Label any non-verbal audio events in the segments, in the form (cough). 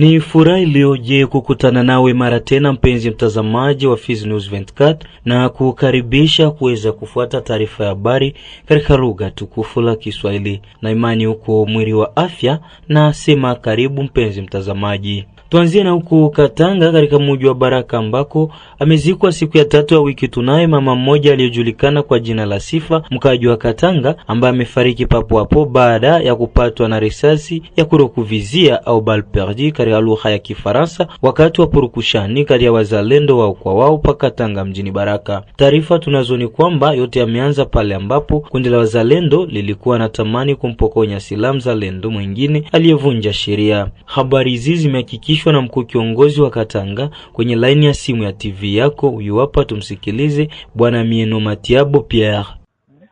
Ni furaha iliyoje kukutana nawe mara tena, mpenzi mtazamaji wa Fizi News 24 na kukaribisha kuweza kufuata taarifa ya habari katika lugha tukufu la Kiswahili, na imani huko mwili wa afya na sema karibu mpenzi mtazamaji. Tuanzie na huko Katanga katika muji wa Baraka ambako amezikwa siku ya tatu ya wiki tunaye mama mmoja aliyejulikana kwa jina la Sifa, mkaji wa Katanga, ambaye amefariki papo hapo baada ya kupatwa na risasi ya kurokuvizia au balperdi ya lugha ya Kifaransa wakati wa purukushani kati ya wazalendo wao kwa wao paka Tanga mjini Baraka. Taarifa tunazo ni kwamba yote yameanza pale ambapo kundi la wazalendo lilikuwa na tamani kumpokonya silaha mzalendo mwingine aliyevunja sheria. Habari hizi zimehakikishwa na mkuu kiongozi wa Katanga kwenye laini ya simu ya TV yako. Huyu hapa, tumsikilize Bwana Mieno Matiabo Pierre.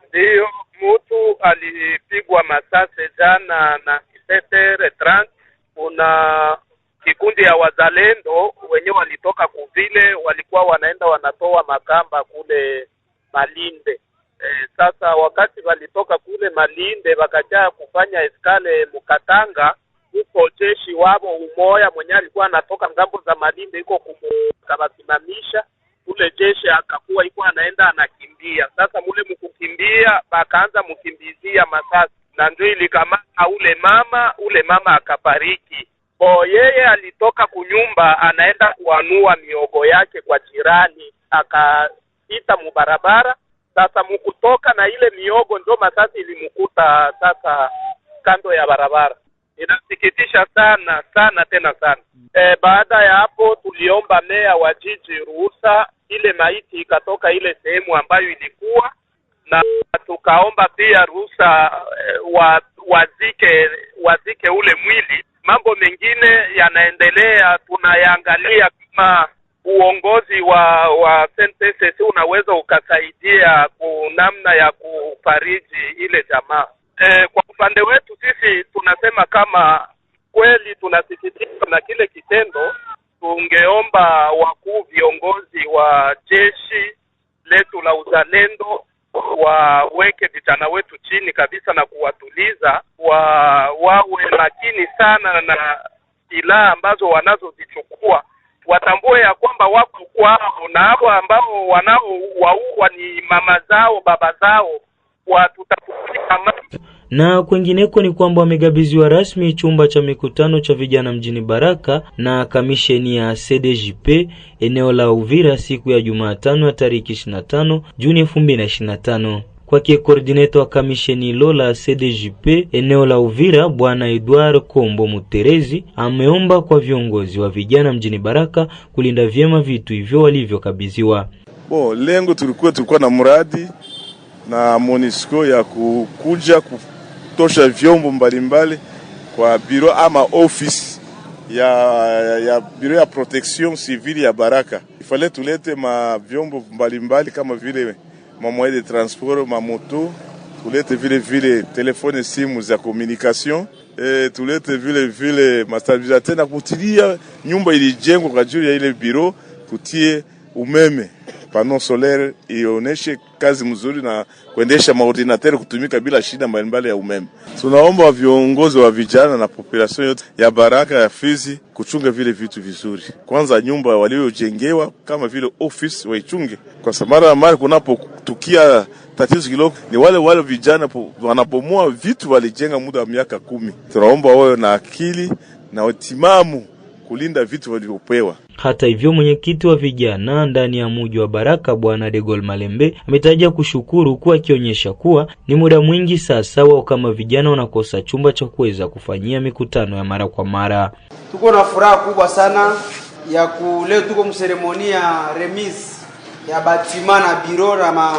Ndiyo, mtu alipigwa masase jana na 7 h kuna kikundi ya wazalendo wenyewe walitoka kuvile, walikuwa wanaenda wanatoa makamba kule Malinde. E, sasa wakati walitoka kule Malinde wakajaa kufanya eskale Mukatanga, huko jeshi wao umoya mwenye alikuwa anatoka ngambo za Malinde iko kawasimamisha kule, jeshi akakuwa iko anaenda anakimbia. Sasa mule mkukimbia bakaanza mkimbizia masasi, na ndio ilikamata ule mama, ule mama akafariki bo yeye alitoka kunyumba anaenda kuanua miogo yake kwa jirani, akapita mubarabara. Sasa mukutoka na ile miogo ndio masasi ilimkuta sasa kando ya barabara. Inasikitisha sana sana tena sana. Mm. E, baada ya hapo tuliomba meya wa jiji ruhusa, ile maiti ikatoka ile sehemu ambayo ilikuwa na tukaomba pia ruhusa e, wa, wazike wazike ule mwili mambo mengine yanaendelea, tunayaangalia kama uongozi wa wa SNPCC unaweza ukasaidia namna ya kufariji ile jamaa. E, kwa upande wetu sisi tunasema kama kweli tunasikitika na kile kitendo. Tungeomba wakuu viongozi wa jeshi letu la uzalendo waweke vijana wetu chini kabisa na kuwatuliza wa wawe makini sana na silaha ambazo wanazozichukua, watambue ya kwamba wako kwao, na hawa ambao wanaowaua ni mama zao, baba zao, watutafutia na kwengineko ni kwamba wamekabidhiwa rasmi chumba cha mikutano cha vijana mjini Baraka na kamisheni ya CDJP eneo la Uvira siku ya Jumatano ya tariki 25 Juni 2025 kwake koordineta wa kamisheni hilo la CDJP eneo la Uvira, bwana Edward Kombo Muterezi ameomba kwa viongozi wa vijana mjini Baraka kulinda vyema vitu hivyo walivyokabidhiwa. Bo, lengo tulikuwa tulikuwa na mradi na Monisco ya kukuja kutosha vyombo mbalimbali kwa biro ama office ya, ya biro ya protection civile ya Baraka. Ifale tulete ma vyombo mbalimbali kama vile mon moyen de transport, ma moto, tulete vile vile telephone simu communication les tulete vile vile na kutilia nyumba ilijengwa pano solaire ionyeshe kazi mzuri na kuendesha maordinateur kutumika bila shida mbalimbali ya umeme. Tunaomba viongozi wa vijana na population yote ya Baraka ya Fizi kuchunga vile vitu vizuri, kwanza nyumba waliojengewa kama vile office waichunge, kwa sababu mara mara kunapotukia tatizo kidogo ni wale wale vijana wanapomoa vitu walijenga muda wa miaka kumi. Tunaomba wawe na akili na utimamu kulinda vitu walivyopewa. Hata hivyo, mwenyekiti wa vijana ndani ya muji wa Baraka Bwana Degol Malembe ametaja kushukuru kuwa akionyesha kuwa ni muda mwingi sasa wao kama vijana wanakosa chumba cha kuweza kufanyia mikutano ya mara kwa mara. Tuko na furaha kubwa sana ya kuleo, tuko mseremoni ya remise ya batima na biro na ma,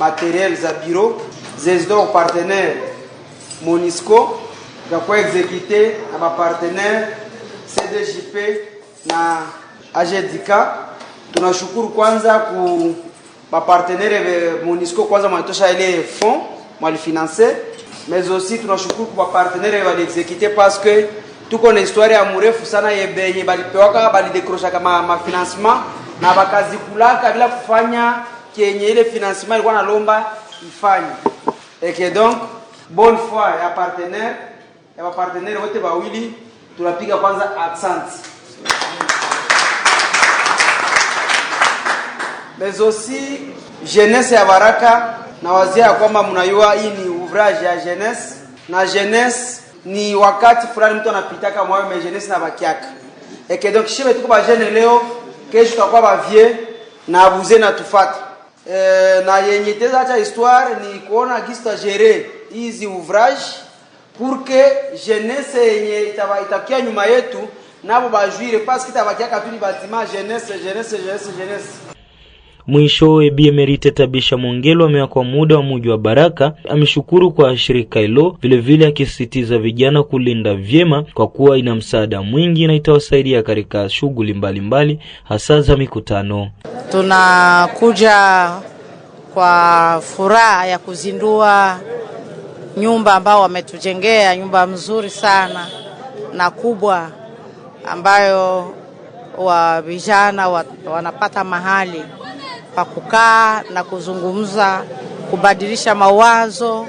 materiel za biro zezidor partenaire Monisco kwa exekute na partenaire CDJP na Ajedika. Tunashukuru kwanza ku mapartenere monisco kwanza mwanatosha ile fond mwalifinanse, mais aussi tunashukuru kwa partenere waliexekite parce que tuko na historia ya murefu sana yenye balipewaka balidekrosha kama mafinancement na kulaka bila kufanya kenye ile financement ilikuwa nalomba ifanye et que donc bonne foi ya partenaire ya partenaire wote bawili tunapiga kwanza asante. Mais aussi jeunesse ya Baraka na wazia ya kwamba mnayua hii ni ouvrage ya jeunesse, na jeunesse ni wakati fulani mtu anapitaka mwayo me jeunesse na bakiaka eke donc shibe tuko ba leo, kesho tutakuwa ba vie na abuze na tufata e, euh, na yenye teza acha histoire ni kuona gista gere hizi ouvrage purke jeunesse yenye itabakia nyuma yetu nabo bajwire paske itabakiaka tuli batima jeunesse jeunesse jeunesse jeunesse Mwisho Bi Tabisha Mwongelo ameaka kwa muda wa muji wa Baraka ameshukuru kwa shirika hilo, vilevile akisisitiza vijana kulinda vyema kwa kuwa ina msaada mwingi na itawasaidia katika shughuli mbalimbali hasa za mikutano. Tunakuja kwa furaha ya kuzindua nyumba ambao wametujengea nyumba mzuri sana na kubwa ambayo wa vijana wa, wanapata mahali pa kukaa na kuzungumza, kubadilisha mawazo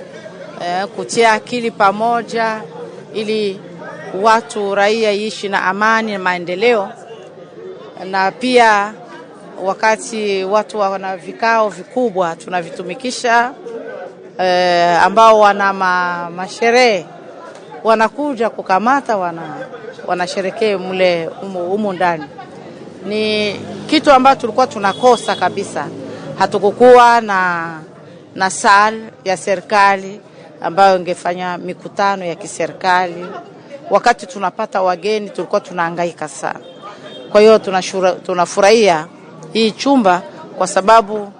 eh, kutia akili pamoja ili watu raia iishi na amani na maendeleo. Na pia wakati watu wana vikao vikubwa tunavitumikisha eh, ambao wana ma, masherehe wanakuja kukamata wana wanasherekee mle humu ndani. Ni kitu ambacho tulikuwa tunakosa kabisa, hatukukuwa na, na sal ya serikali ambayo ingefanya mikutano ya kiserikali. Wakati tunapata wageni tulikuwa tunahangaika sana. Kwa hiyo tunafurahia hii chumba kwa sababu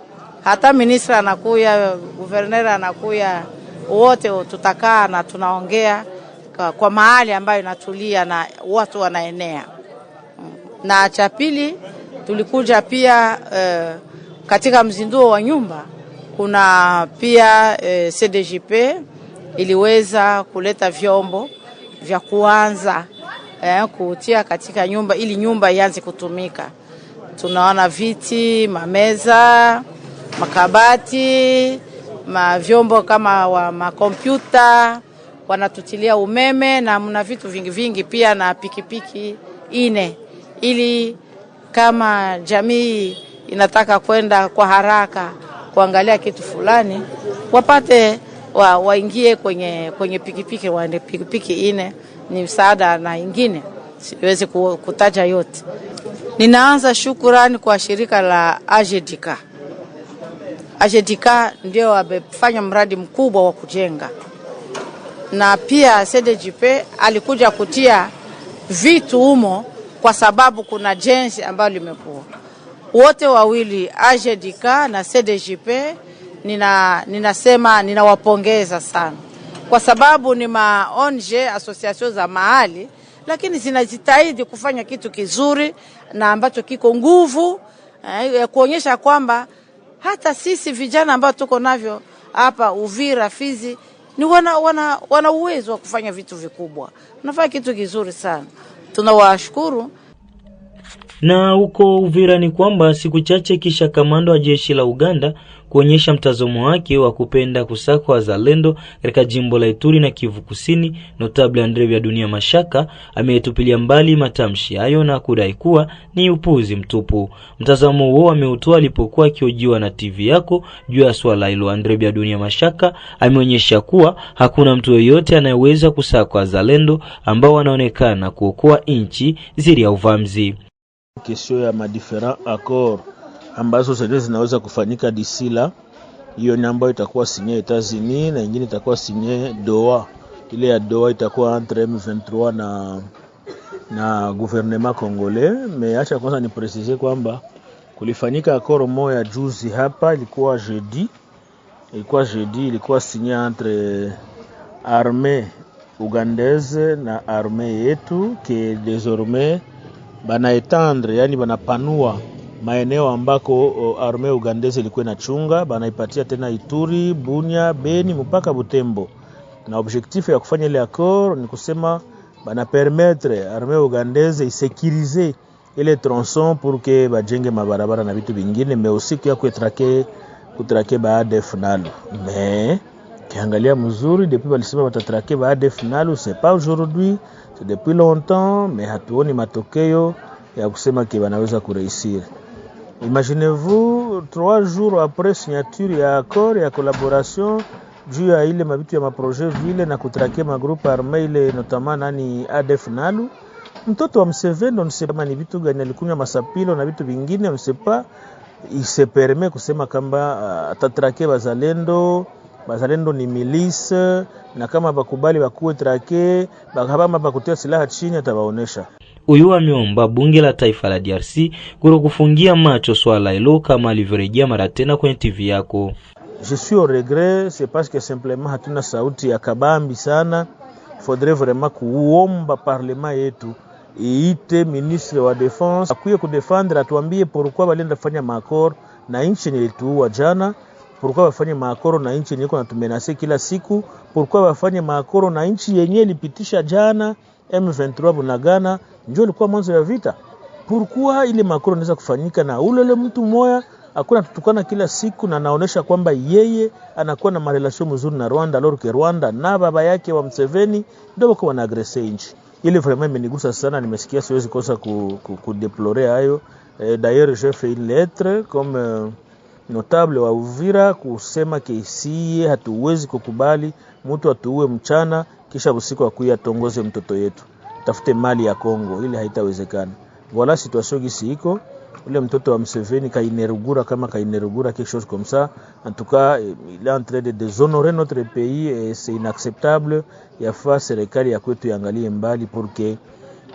hata ministra anakuya, guverner anakuya, wote tutakaa na tunaongea kwa, kwa mahali ambayo inatulia na watu wanaenea. Na cha pili tulikuja pia eh, katika mzinduo wa nyumba kuna pia eh, CDGP iliweza kuleta vyombo vya kuanza eh, kutia katika nyumba ili nyumba ianze kutumika. Tunaona viti, mameza makabati, mavyombo kama wa makompyuta, wanatutilia umeme na mna vitu vingi vingi pia na pikipiki ine, ili kama jamii inataka kwenda kwa haraka kuangalia kitu fulani wapate wa, waingie kwenye, kwenye pikipiki waende pikipiki ine. Ni msaada na ingine siwezi kutaja yote. Ninaanza shukurani kwa shirika la Ajedika. Ajedika ndio wamefanya mradi mkubwa wa kujenga, na pia cdgp alikuja kutia vitu humo, kwa sababu kuna jenzi ambayo limekuwa wote wawili AGDK na cdgp Nina, ninasema ninawapongeza sana kwa sababu ni maonje association za mahali, lakini zinajitahidi kufanya kitu kizuri na ambacho kiko nguvu eh, ya eh, kuonyesha kwamba hata sisi vijana ambao tuko navyo hapa Uvira, Fizi ni wana, wana, wana uwezo wa kufanya vitu vikubwa, nafanya kitu kizuri sana, tunawashukuru. Na huko Uvira ni kwamba siku chache kisha kamanda wa jeshi la Uganda kuonyesha mtazamo wake wa kupenda kusaka wazalendo katika jimbo la Ituri na Kivu Kusini. Notable Andre vya Dunia Mashaka ametupilia mbali matamshi hayo na kudai kuwa ni upuzi mtupu. Mtazamo huo ameutoa alipokuwa akiojiwa na TV yako juu ya swala hilo. Andre vya Dunia Mashaka ameonyesha kuwa hakuna mtu yoyote anayeweza kusaka wazalendo ambao wanaonekana kuokoa nchi zili ya uvamzi. Kesho ya madiferent accord ambazo zenyewe zinaweza kufanyika disila hiyo ni ambayo itakuwa sinye etats na nyingine itakuwa sinye doa Ile ya doa itakuwa entre M23 na na gouvernement congolais. Meacha kwanza ni precise kwamba kulifanyika akoro moya juzi hapa, ilikuwa jeudi, ilikuwa jeudi, ilikuwa sinye entre arme ugandaise na arme yetu ke désormais bana yani banapanua maeneo ambako arme ugandezi ilikuwa inachunga banaipatia tena Ituri, Bunia, Beni mpaka Butembo, na objektif ya kufanya ile accord ni kusema bana arme ugandeze isekirize ile tronson pour bajenge mabarabara na vitu vingine, mais aussi kwa kutrake kutrake ba nalo. Mais kiangalia mzuri, depuis walisema batatrake ba nalo, c'est pas aujourd'hui, c'est depuis longtemps, mais hatuoni matokeo ya kusema ke banaweza kureisiri Imaginez-vous trois jours après signature ya accord ya collaboration juu ya ile mabitu ya maproje vile na kutrakia magrupu arme ile notama nani ADF Nalu, mtoto wa Mseveni nisema ni vitu gani alikunywa masapilo na vitu vingine msepa iseperme kusema kamba uh, ah, atatrake bazalendo bazalendo ni milise, na kama bakubali bakuwe trake bakabama bakutia silaha chini atabaonesha Huyu ameomba bunge la taifa la DRC kufungia macho swala hilo, kama alivyorejea mara tena kwenye TV yako. Je suis au regret c'est parce que simplement hatuna sauti ya kabambi sana. Faudrait vraiment kuomba parlement yetu iite ministre wa defense akuye kudefendre, atuambie pourquoi walienda fanya makoro na nchi yenye ilituua jana, pourquoi wafanye makoro na nchi yenye iko natumenase kila siku, pourquoi wafanye makoro na nchi yenye ilipitisha jana M23 Bunagana ndio ilikuwa mwanzo ya vita. Pourquoi ile makoro inaweza kufanyika na ule ule mtu moya akuna tutukana kila siku na naonesha kwamba yeye anakuwa na marelasio mzuri na Rwanda, lorke Rwanda na baba yake wa Mseveni ndio wako wanaagrese nchi ile. Vraiment imenigusa sana, nimesikia siwezi kosa ku, ku, ku deplorer hayo eh, d'ailleurs j'ai fait une lettre comme euh, notable wa Uvira kusema kesiye hatuwezi kukubali mtu atuue mchana kisha usiku akuya atongoze mtoto yetu, tafute mali ya Kongo, ile haitawezekana. Wala situation gisi iko ule mtoto wa Mseveni kainerugura kama kainerugura quelque chose comme ça en tout cas il est en train de déshonorer notre pays et c'est inacceptable. Yafaa serikali ya kwetu iangalie mbali pour que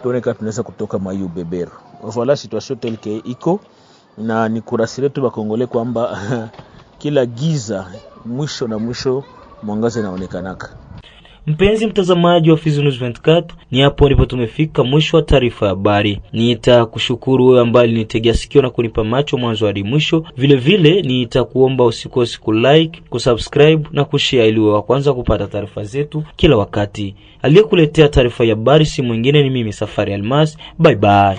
tuone kama tunaweza kutoka mwa hiyo beberu. Wala situation telke iko na ni kurasi letu bakongole kwamba (laughs) kila giza mwisho na mwisho mwangaza inaonekanaka. Mpenzi mtazamaji wa Fizi News 24, ni hapo ndipo tumefika mwisho wa taarifa ya habari. Nitakushukuru wewe ambaye alinitegea sikio na kunipa macho mwanzo hadi mwisho. Vilevile nitakuomba usikose kulike, kusubscribe na kushea ili wa kwanza kupata taarifa zetu kila wakati. Aliyekuletea taarifa ya habari si mwingine ni mimi Safari Almas. Bye bye.